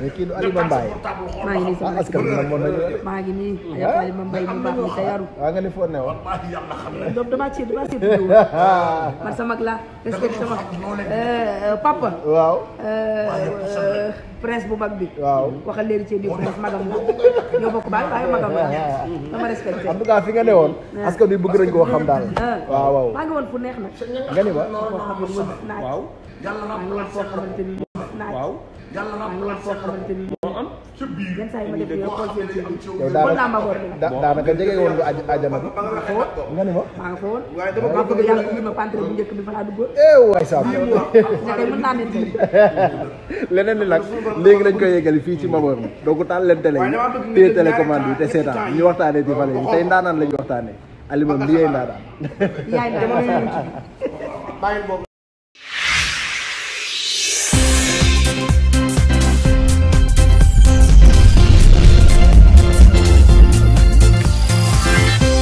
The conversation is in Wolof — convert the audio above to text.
mais kii du Alima Mbaye. maa ngi nii sama askan bi nag moom la maa ngi nii. waaw Alima Mbaye mu baax mi te yaru. waaw nga ne foo ne woon. donc damaa ci damaa ci dugg. man sama mag la respecté sama papa. waaw. presse bu mag bi. waaw waxal l'héritier bi presse magam la ñoo bokk baay waaye magam la dama respecté. en tout cas fi nga ne woon. askan bi bëgg nañ koo xam daal. waaw waaw maa ngi woon fu neex nag. nga ni ma. waaw. maa ngi woon foo xamante ni. waaw maa ngi woon foo xamante ni. moo am yenn saa yi ma def yow xool seen ci bi. daanaka jege woon nga àjjana bi. maa nga ni ma. laa eh, leneen li léegi lañ koy yeggali fii ci Mabor mi doo taal leen télé yi téye télécommande bi te seetaan ñu waxtaanee ci fale yi ndaanaan lañ waxtaanee Aliou moom li yee